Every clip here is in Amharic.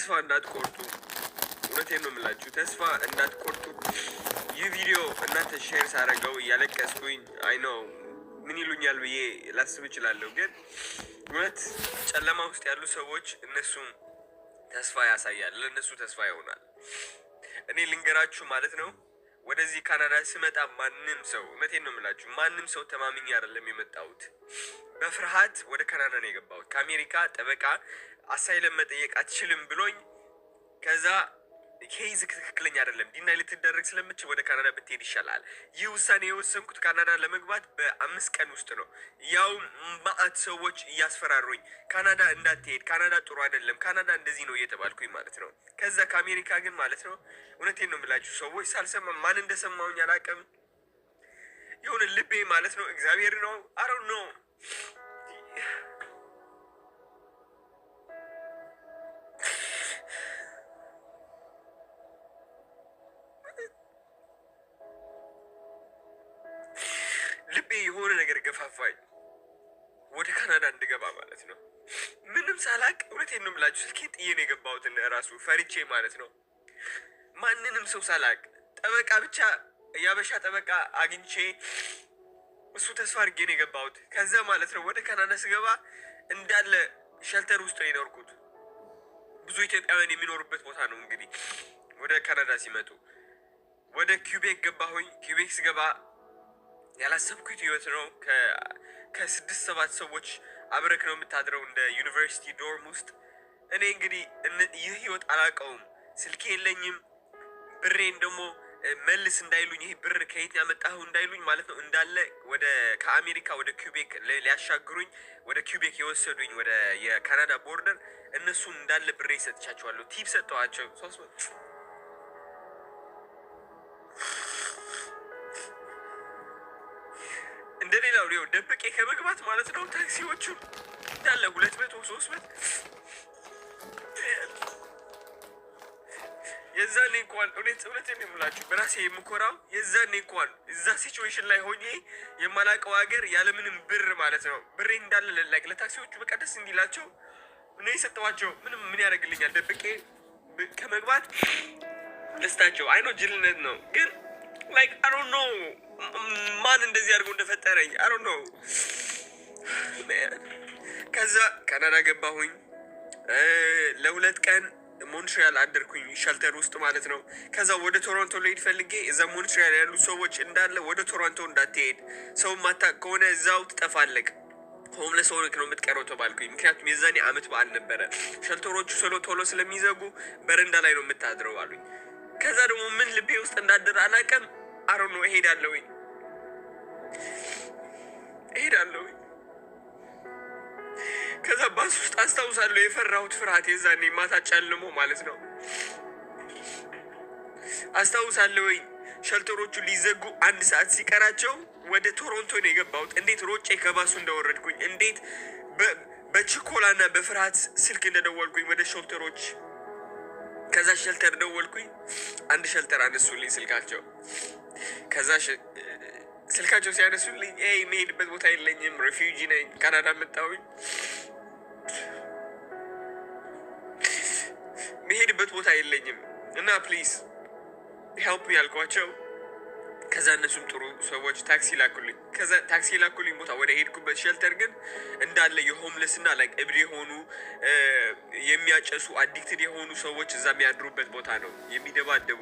ተስፋ እንዳትቆርጡ። እውነቴን ነው የምላችሁ፣ ተስፋ እንዳትቆርጡ። ይህ ቪዲዮ እናንተ ሼር ሳረገው እያለቀስኩኝ አይ ነው ምን ይሉኛል ብዬ ላስብ እችላለሁ፣ ግን እውነት ጨለማ ውስጥ ያሉ ሰዎች እነሱ ተስፋ ያሳያል፣ ለእነሱ ተስፋ ይሆናል። እኔ ልንገራችሁ ማለት ነው ወደዚህ ካናዳ ስመጣ ማንም ሰው እውነቴን ነው የምላችሁ፣ ማንም ሰው ተማምኝ አይደለም የመጣሁት። በፍርሃት ወደ ካናዳ ነው የገባሁት። ከአሜሪካ ጠበቃ አሳይለም መጠየቅ አትችልም ብሎኝ ከዛ ኬዝ ትክክለኛ አይደለም፣ ዲና ልትደረግ ስለምችል ወደ ካናዳ ብትሄድ ይሻላል። ይህ ውሳኔ የወሰንኩት ካናዳ ለመግባት በአምስት ቀን ውስጥ ነው። ያው ማአት ሰዎች እያስፈራሩኝ ካናዳ እንዳትሄድ፣ ካናዳ ጥሩ አይደለም፣ ካናዳ እንደዚህ ነው እየተባልኩኝ ማለት ነው። ከዛ ከአሜሪካ ግን ማለት ነው እውነቴን ነው የምላችሁ ሰዎች ሳልሰማ ማን እንደሰማውኝ አላውቅም። የሆነ ልቤ ማለት ነው እግዚአብሔር ነው አረው ነው እውነቴን ነው የምላችሁ ስልኬ ጥዬ ነው የገባሁትን ራሱ ፈሪቼ ማለት ነው። ማንንም ሰው ሳላቅ ጠበቃ ብቻ የአበሻ ጠበቃ አግኝቼ እሱ ተስፋ አድርጌ ነው የገባሁት። ከዛ ማለት ነው ወደ ካናዳ ስገባ እንዳለ ሸልተር ውስጥ ነው የኖርኩት። ብዙ ኢትዮጵያውያን የሚኖሩበት ቦታ ነው። እንግዲህ ወደ ካናዳ ሲመጡ ወደ ኪቤክ ገባሁኝ። ኪቤክ ስገባ ያላሰብኩት ህይወት ነው። ከስድስት ሰባት ሰዎች አብረክ ነው የምታድረው እንደ ዩኒቨርሲቲ ዶርም ውስጥ። እኔ እንግዲህ ይህ ህይወት አላውቀውም። ስልኬ የለኝም። ብሬን ደግሞ መልስ እንዳይሉኝ ይህ ብር ከየት ያመጣኸው እንዳይሉኝ ማለት ነው እንዳለ ወደ ከአሜሪካ ወደ ኪቤክ ሊያሻግሩኝ ወደ ኪቤክ የወሰዱኝ ወደ የካናዳ ቦርደር እነሱን እንዳለ ብሬ ይሰጥቻቸዋለሁ። ቲፕ ሰጠዋቸው ሶስት እንደሌላው ሌው ደብቄ ከመግባት ማለት ነው። ታክሲዎቹ እንዳለ ሁለት መቶ ሶስት መቶ የዛኔ እንኳን እውነት እውነት የሚምላችሁ በራሴ የምኮራው የዛኔ እንኳን እዛ ሲችዌሽን ላይ ሆኜ የማላውቀው ሀገር ያለምንም ብር ማለት ነው ብሬ እንዳለ ለላይ ለታክሲዎቹ በቃ ደስ እንዲላቸው እኔ የሰጠዋቸው ምንም ምን ያደርግልኛል ደብቄ ከመግባት ደስታቸው አይኖ ጅልነት ነው ግን ላይክ አይ ዶንት ኖ ማን እንደዚህ አድርጎ እንደፈጠረኝ አሮ ነው። ከዛ ካናዳ ገባሁኝ። ለሁለት ቀን ሞንትሪያል አደርኩኝ፣ ሸልተር ውስጥ ማለት ነው። ከዛ ወደ ቶሮንቶ ልሄድ ፈልጌ እዛ ሞንትሪያል ያሉ ሰዎች እንዳለ ወደ ቶሮንቶ እንዳትሄድ ሰው ማታ ከሆነ እዛው ትጠፋለቅ ሆምለስ ሆነክ ነው የምትቀረው ተባልኩኝ። ምክንያቱም የዛኔ አመት በዓል ነበረ፣ ሸልተሮቹ ቶሎ ቶሎ ስለሚዘጉ በረንዳ ላይ ነው የምታድረው አሉኝ። ከዛ ደግሞ ምን ልቤ ውስጥ እንዳደረ አላውቅም አሮ ነው እሄዳለሁ እሄዳለሁ። ከዛ ባስ ውስጥ አስታውሳለሁ የፈራሁት ፍርሃት የዛኔ ማታ ጨልሞ ማለት ነው አስታውሳለሁ። ሸልተሮቹ ሊዘጉ አንድ ሰዓት ሲቀራቸው ወደ ቶሮንቶ ነው የገባሁት። እንዴት ሮጬ ከባሱ እንደወረድኩኝ፣ እንዴት በችኮላና በፍርሃት ስልክ እንደደወልኩኝ ወደ ሸልተሮች ከዛ ሸልተር ደወልኩኝ። አንድ ሸልተር አነሱልኝ ስልካቸው። ከዛ ስልካቸው ሲያነሱልኝ የምሄድበት ቦታ የለኝም፣ ሪፊውጂ ነኝ፣ ካናዳ መጣሁኝ፣ መሄድበት ቦታ የለኝም እና ፕሊዝ ሄልፕ ያልኳቸው ከዛ እነሱም ጥሩ ሰዎች ታክሲ ላኩልኝ። ከዛ ታክሲ ላኩልኝ ቦታ ወደ ሄድኩበት ሸልተር ግን እንዳለ የሆምለስ እና ላይ እብድ የሆኑ የሚያጨሱ አዲክትድ የሆኑ ሰዎች እዛ የሚያድሩበት ቦታ ነው የሚደባደቡ።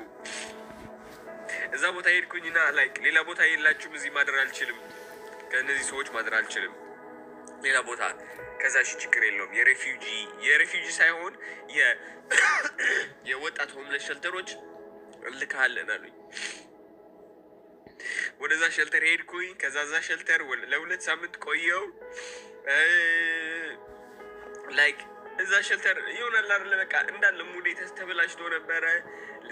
እዛ ቦታ ሄድኩኝና ላይክ ሌላ ቦታ የላችሁም፣ እዚህ ማደር አልችልም፣ ከእነዚህ ሰዎች ማደር አልችልም፣ ሌላ ቦታ ከዛ ሺ ችግር የለውም። የሬፊጂ የሬፊጂ ሳይሆን የወጣት ሆምለስ ሸልተሮች እልካለን አሉኝ። ወደዛ ሸልተር ሄድኩኝ። ከዛዛ ሸልተር ለሁለት ሳምንት ቆየው። ላይክ እዛ ሸልተር ይሆናል አይደለ በቃ እንዳለ ሙዴ ተበላሽቶ ነበረ።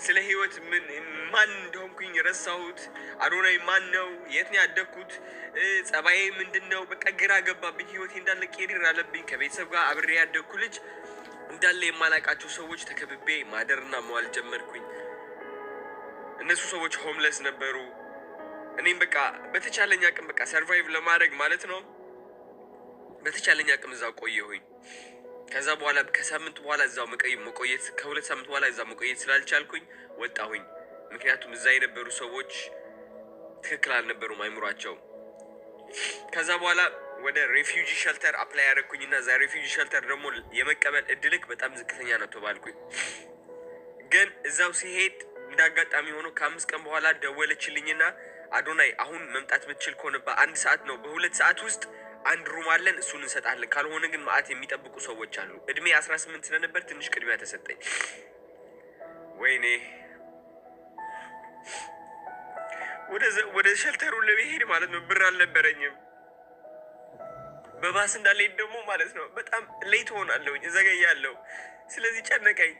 ስለ ህይወት ምን ማን እንደሆንኩኝ ረሳሁት። አዶናይ ማን ነው? የት ነው ያደግኩት? ጸባዬ ምንድን ነው? በቃ ግራ ገባብኝ። ህይወቴ እንዳለ ቄሪር አለብኝ። ከቤተሰብ ጋር አብሬ ያደግኩ ልጅ እንዳለ የማላቃቸው ሰዎች ተከብቤ ማደርና መዋል ጀመርኩኝ። እነሱ ሰዎች ሆምለስ ነበሩ። እኔም በቃ በተቻለኝ አቅም በቃ ሰርቫይቭ ለማድረግ ማለት ነው በተቻለኝ አቅም እዛ ቆየሁኝ። ከዛ በኋላ ከሳምንት በኋላ እዛው መቆየት ከሁለት ሳምንት በኋላ እዛ መቆየት ስላልቻልኩኝ ወጣሁኝ። ምክንያቱም እዛ የነበሩ ሰዎች ትክክል አልነበሩም አይምሯቸው። ከዛ በኋላ ወደ ሬፊጂ ሸልተር አፕላይ ያደረግኩኝ እና እዛ ሬፊጂ ሸልተር ደግሞ የመቀበል እድልክ በጣም ዝቅተኛ ነው ተባልኩኝ። ግን እዛው ሲሄድ እንዳጋጣሚ ሆኖ ከአምስት ቀን በኋላ ደወለችልኝና አዶናይ አሁን መምጣት ብትችል ከሆነ በአንድ ሰዓት ነው፣ በሁለት ሰዓት ውስጥ አንድ ሩም አለን፣ እሱን እንሰጣለን። ካልሆነ ግን ማአት የሚጠብቁ ሰዎች አሉ። እድሜ 18 ስለነበር ትንሽ ቅድሚያ ተሰጠኝ። ወይኔ ወደ ሸልተሩ ለመሄድ ማለት ነው ብር አልነበረኝም። በባስ እንዳልሄድ ደግሞ ማለት ነው በጣም ሌት ሆናለሁኝ፣ እዘገያለሁ። ስለዚህ ጨነቀኝ።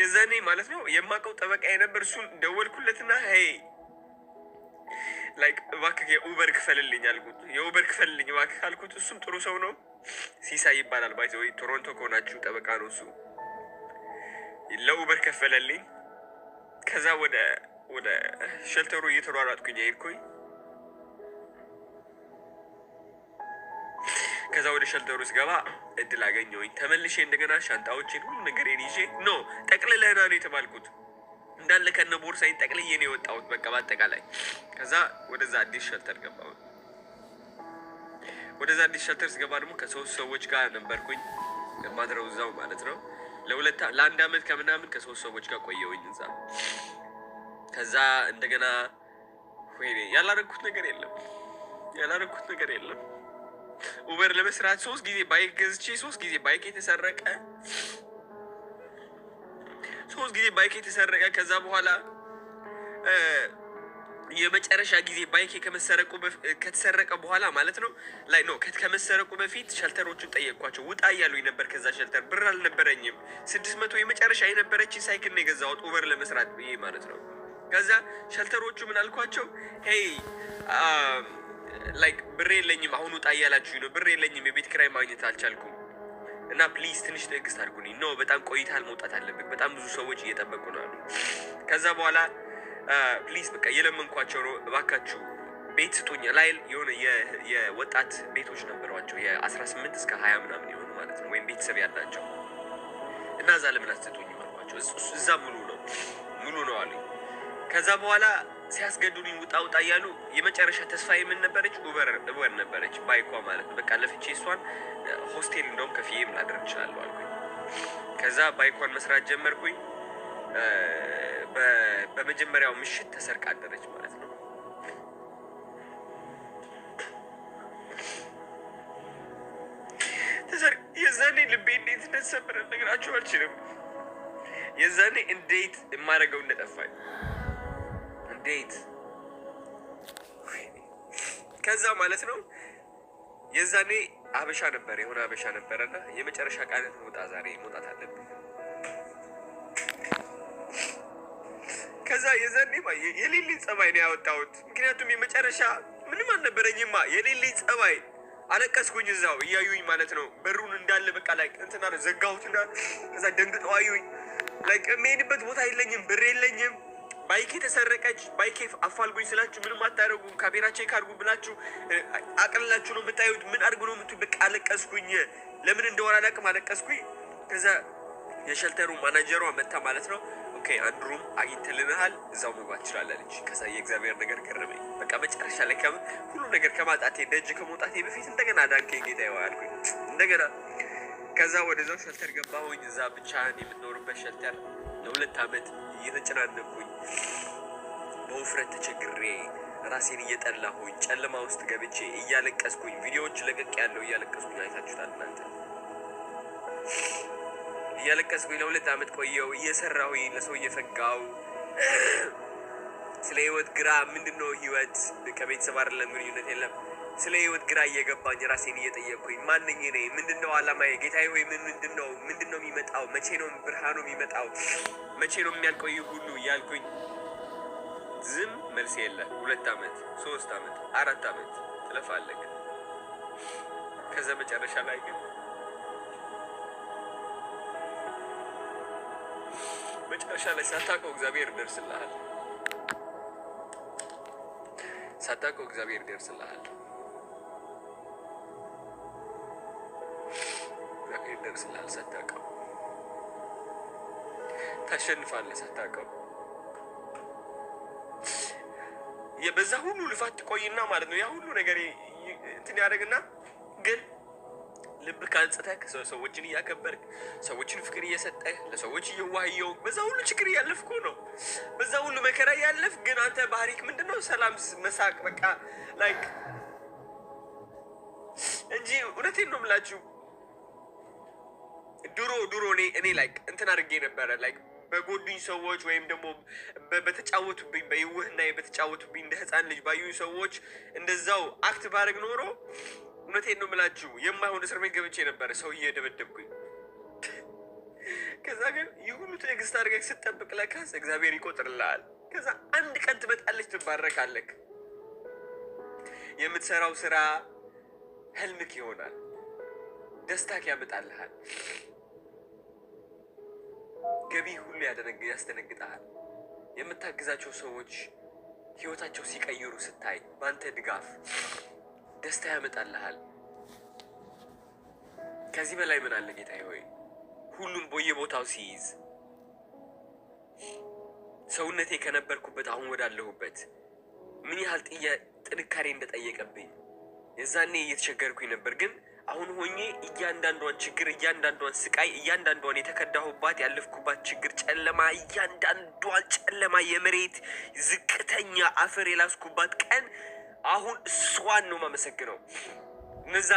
የዛኔ ማለት ነው የማውቀው ጠበቃ የነበር እሱን ደወልኩለትና ሄይ ላይክ እባክህ የኡበር ክፈልልኝ አልኩት። የኡበር ክፈልልኝ እባክህ አልኩት። እሱም ጥሩ ሰው ነው፣ ሲሳይ ይባላል። ባይዘ ወይ ቶሮንቶ ከሆናችሁ ጠበቃ ነው እሱ። ለኡበር ከፈለልኝ። ከዛ ወደ ወደ ሸልተሩ እየተሯሯጥኩኝ ሄድኩኝ። ከዛ ወደ ሸልተሩ ስገባ እድል አገኘሁኝ። ተመልሼ እንደገና ሻንጣዎችን ሁሉ ነገሬን ይዤ ኖ ጠቅልለህና ነው የተባልኩት። እንዳለ ከነ ቦርሳዬ ጠቅልዬ ነው የወጣሁት። በቃ በአጠቃላይ ከዛ ወደዛ አዲስ ሸልተር ገባሁ። ወደዛ አዲስ ሸልተር ስገባ ደግሞ ከሶስት ሰዎች ጋር ነበርኩኝ ማድረው እዛው ማለት ነው። ለሁለት ለአንድ አመት ከምናምን ከሶስት ሰዎች ጋር ቆየውኝ እዛ። ከዛ እንደገና ወይኔ ያላረግኩት ነገር የለም ያላረግኩት ነገር የለም። ኡበር ለመስራት ሶስት ጊዜ ባይክ ገዝቼ ሶስት ጊዜ ባይክ የተሰረቀ ሶስት ጊዜ ባይኬ ተሰረቀ። ከዛ በኋላ የመጨረሻ ጊዜ ባይኬ ከተሰረቀ በኋላ ማለት ነው ላይ ነው ከመሰረቁ በፊት ሸልተሮቹን ጠየቅኳቸው። ውጣ እያሉኝ ነበር። ከዛ ሸልተር ብር አልነበረኝም። ስድስት መቶ የመጨረሻ የነበረችን ሳይክል ነው የገዛሁት ኡበር ለመስራት ብዬ ማለት ነው። ከዛ ሸልተሮቹ ምን አልኳቸው? ሄይ ላይክ ብር የለኝም አሁን ውጣ እያላችሁ ነው። ብር የለኝም፣ የቤት ክራይ ማግኘት አልቻልኩም እና ፕሊዝ ትንሽ ትዕግስት አድርጉኝ። ነው። በጣም ቆይታል፣ መውጣት አለብኝ። በጣም ብዙ ሰዎች እየጠበቁ ነው አሉ። ከዛ በኋላ ፕሊዝ በቃ የለመንኳቸው ነው፣ እባካችሁ ቤት ስጡኝ። ላይል የሆነ የወጣት ቤቶች ነበሯቸው የ18 እስከ 20 ምናምን የሆኑ ማለት ነው፣ ወይም ቤተሰብ ያላቸው እና እዛ ለምን አትሰጡኝም አልኳቸው። እዛ ሙሉ ነው ሙሉ ነው አሉኝ። ከዛ በኋላ ሲያስገድዱኝ ውጣ ውጣ እያሉ የመጨረሻ ተስፋ የምን ነበረች? ኡበር ኡበር ነበረች ባይኳ ማለት ነው። በቃ ለፍቼ እሷን ሆስቴል እንደውም ከፍዬም ላድር እችላለሁ አልኩኝ። ከዛ ባይኳን መስራት ጀመርኩኝ። በመጀመሪያው ምሽት ተሰርቃ አደረች ማለት ነው። የዛኔ ልቤ እንዴት እንደተሰበረ ነግራችሁ አልችልም። የዛኔ እንዴት የማደርገው እንደጠፋኝ ዴት ከዛ ማለት ነው። የዛኔ አበሻ ነበር የሆነ አበሻ እና የመጨረሻ ቃል ውጣ፣ ዛሬ መውጣት አለብን። ከዛ የዛኔ የሌሊን ጸባይ ነው ያወጣሁት። ምክንያቱም የመጨረሻ ምንም አልነበረኝማ። የሌሊን ጸባይ አለቀስኩኝ። እዛው እያዩኝ ማለት ነው። በሩን እንዳለ በቃ ላይ እንትና ዘጋሁትና ከዛ ደንግጠው አዩኝ። ላይ የምሄድበት ቦታ የለኝም፣ ብር የለኝም ባይኬ ተሰረቀች፣ ባይኬ አፋልጉኝ ስላችሁ ምንም አታደርጉም። ካሜራ ቼክ አድርጉ ብላችሁ አቅልላችሁ ነው የምታዩት። ምን አድርጉ ነው የምትይው? በቃ አለቀስኩኝ። ለምን እንደሆነ አላውቅም፣ አለቀስኩኝ። ከዛ የሸልተሩ ማናጀሯ መታ ማለት ነው። ኦኬ አንድ ሩም አግኝተልናሃል፣ እዛው መግባት ትችላለች። ከዛ የእግዚአብሔር ነገር ገረመኝ። በቃ መጨረሻ ላይ ከም ሁሉ ነገር ከማጣቴ ደጅ ከመውጣቴ በፊት እንደገና አዳንከኝ ጌታ ይዋል እንደገና። ከዛ ወደዛው ሸልተር ገባሁኝ። እዛ ብቻህን የምትኖርበት ሸልተር ለሁለት ዓመት እየተጨናነኩኝ በውፍረት ተቸግሬ ራሴን እየጠላሁኝ ጨለማ ውስጥ ገብቼ እያለቀስኩኝ ቪዲዮዎች ለቀቅ ያለው እያለቀስኩኝ አይታችሁታል እናንተ። እያለቀስኩኝ ለሁለት ዓመት ቆየው እየሰራሁኝ ለሰው እየፈጋው ስለ ህይወት ግራ ምንድን ነው ህይወት ከቤተሰብ አይደለም ግንኙነት የለም ስለ ህይወት ግራ እየገባኝ ራሴን እየጠየቅኩኝ ማንኝ ነ ምንድነው አላማዬ? ጌታዬ ወይ ምንድነው ምንድነው የሚመጣው? መቼ ነው ብርሃኑ የሚመጣው? መቼ ነው የሚያልቀው ሁሉ እያልኩኝ ዝም መልስ የለ። ሁለት ዓመት ሶስት ዓመት አራት ዓመት ትለፋለህ። ከዚ መጨረሻ ላይ ግን መጨረሻ ላይ ሳታውቀው እግዚአብሔር ይደርስልሃል። ሳታውቀው እግዚአብሔር ይደርስልሃል። እንደሚደርስ ላልሰታቀው ታሸንፋለህ። ሳታቀው የበዛ ሁሉ ልፋት ትቆይና ማለት ነው ያ ሁሉ ነገር እንትን ያደርግና ግን ልብ ካልጽተህ ሰዎችን እያከበርክ ሰዎችን ፍቅር እየሰጠህ ለሰዎች እየዋህየው በዛ ሁሉ ችግር እያለፍ ነው። በዛ ሁሉ መከራ እያለፍ ግን አንተ ባህሪክ ምንድን ነው? ሰላም መሳቅ በቃ ላይክ እንጂ እውነቴን ነው የምላችሁ ድሮ ድሮ እኔ ላይክ እንትን አድርጌ ነበረ ላይክ በጎዱኝ ሰዎች ወይም ደግሞ በተጫወቱብኝ በይውህና በተጫወቱብኝ እንደ ህፃን ልጅ ባዩኝ ሰዎች እንደዛው አክት ባደረግ ኖሮ እውነቴን ነው የምላችሁ የማይሆን እስር ቤት ገብቼ ነበረ ሰው እየደበደብኩኝ። ከዛ ግን ይሁኑ ትዕግስት አድርገህ ስትጠብቅ ለካስ እግዚአብሔር ይቆጥርልሃል። ከዛ አንድ ቀን ትመጣለች፣ ትባረካለክ። የምትሰራው ስራ ህልምክ ይሆናል፣ ደስታክ ያመጣልሃል። ገቢ ሁሉ ያስደነግጣል። የምታግዛቸው ሰዎች ህይወታቸው ሲቀይሩ ስታይ በአንተ ድጋፍ ደስታ ያመጣልሃል። ከዚህ በላይ ምን አለ ጌታዬ ሆይ? ሁሉም በየቦታው ሲይዝ ሰውነቴ ከነበርኩበት አሁን ወዳለሁበት ምን ያህል ጥንካሬ እንደጠየቀብኝ የዛኔ እየተቸገርኩኝ ነበር ግን አሁን ሆኜ እያንዳንዷን ችግር፣ እያንዳንዷን ስቃይ፣ እያንዳንዷን የተከዳሁባት ያለፍኩባት ችግር ጨለማ፣ እያንዳንዷን ጨለማ የመሬት ዝቅተኛ አፈር የላስኩባት ቀን አሁን እሷን ነው ማመሰግነው። እነዛ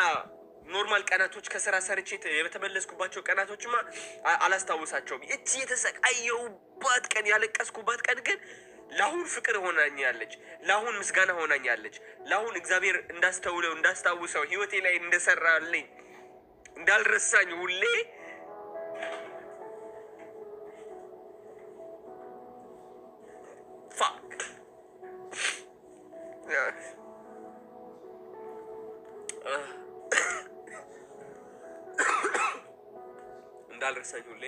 ኖርማል ቀናቶች ከስራ ሰርቼ የተመለስኩባቸው ቀናቶችማ አላስታውሳቸውም። እቺ የተሰቃየሁባት ቀን ያለቀስኩባት ቀን ግን ለአሁን ፍቅር ሆናኛለች፣ ለአሁን ምስጋና ሆናኛለች፣ ለአሁን እግዚአብሔር እንዳስተውለው እንዳስታውሰው ህይወቴ ላይ እንደሰራልኝ እንዳልረሳኝ ሁሌ እንዳልረሳኝ ሁሌ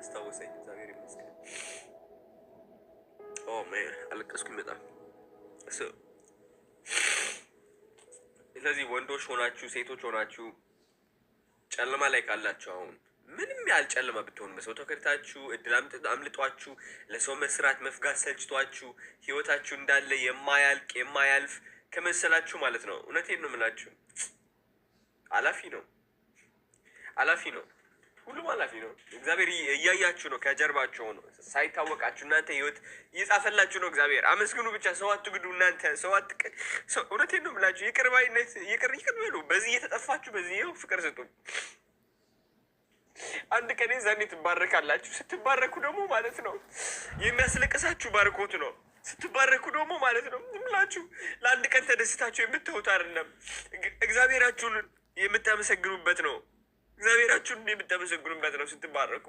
አስታወሰኝ። እግዚአብሔር ይመስገን። ማን አለቀስኩኝ በጣም ስለዚህ ወንዶች ሆናችሁ ሴቶች ሆናችሁ ጨለማ ላይ ካላችሁ አሁን ምንም ያህል ጨለማ ብትሆኑ በሰው ተከድታችሁ እድል አምልጧችሁ ለሰው መስራት መፍጋት ሰልችቷችሁ ህይወታችሁ እንዳለ የማያልቅ የማያልፍ ከመሰላችሁ ማለት ነው። እውነቴን ነው የምላችሁ። አላፊ ነው አላፊ ነው። ሁሉም ኃላፊ ነው። እግዚአብሔር እያያችሁ ነው፣ ከጀርባችሁ ነው፣ ሳይታወቃችሁ እናንተ ህይወት እየጻፈላችሁ ነው። እግዚአብሔር አመስግኑ ብቻ፣ ሰው አትግዱ። እናንተ ሰው እውነቴን ነው የምላችሁ፣ ይቅር ባይነት ይቅር ይቅር በሉ። በዚህ እየተጠፋችሁ በዚህ ይኸው ፍቅር ስጡ። አንድ ቀን ዛኔ ትባረካላችሁ። ስትባረኩ ደግሞ ማለት ነው የሚያስለቅሳችሁ ባርኮት ነው ስትባረኩ ደግሞ ማለት ነው ምላችሁ ለአንድ ቀን ተደስታችሁ የምትውት አይደለም፣ እግዚአብሔራችሁን የምታመሰግኑበት ነው። እግዚአብሔራችሁን የምታመሰግኑበት ነው ስትባረኩ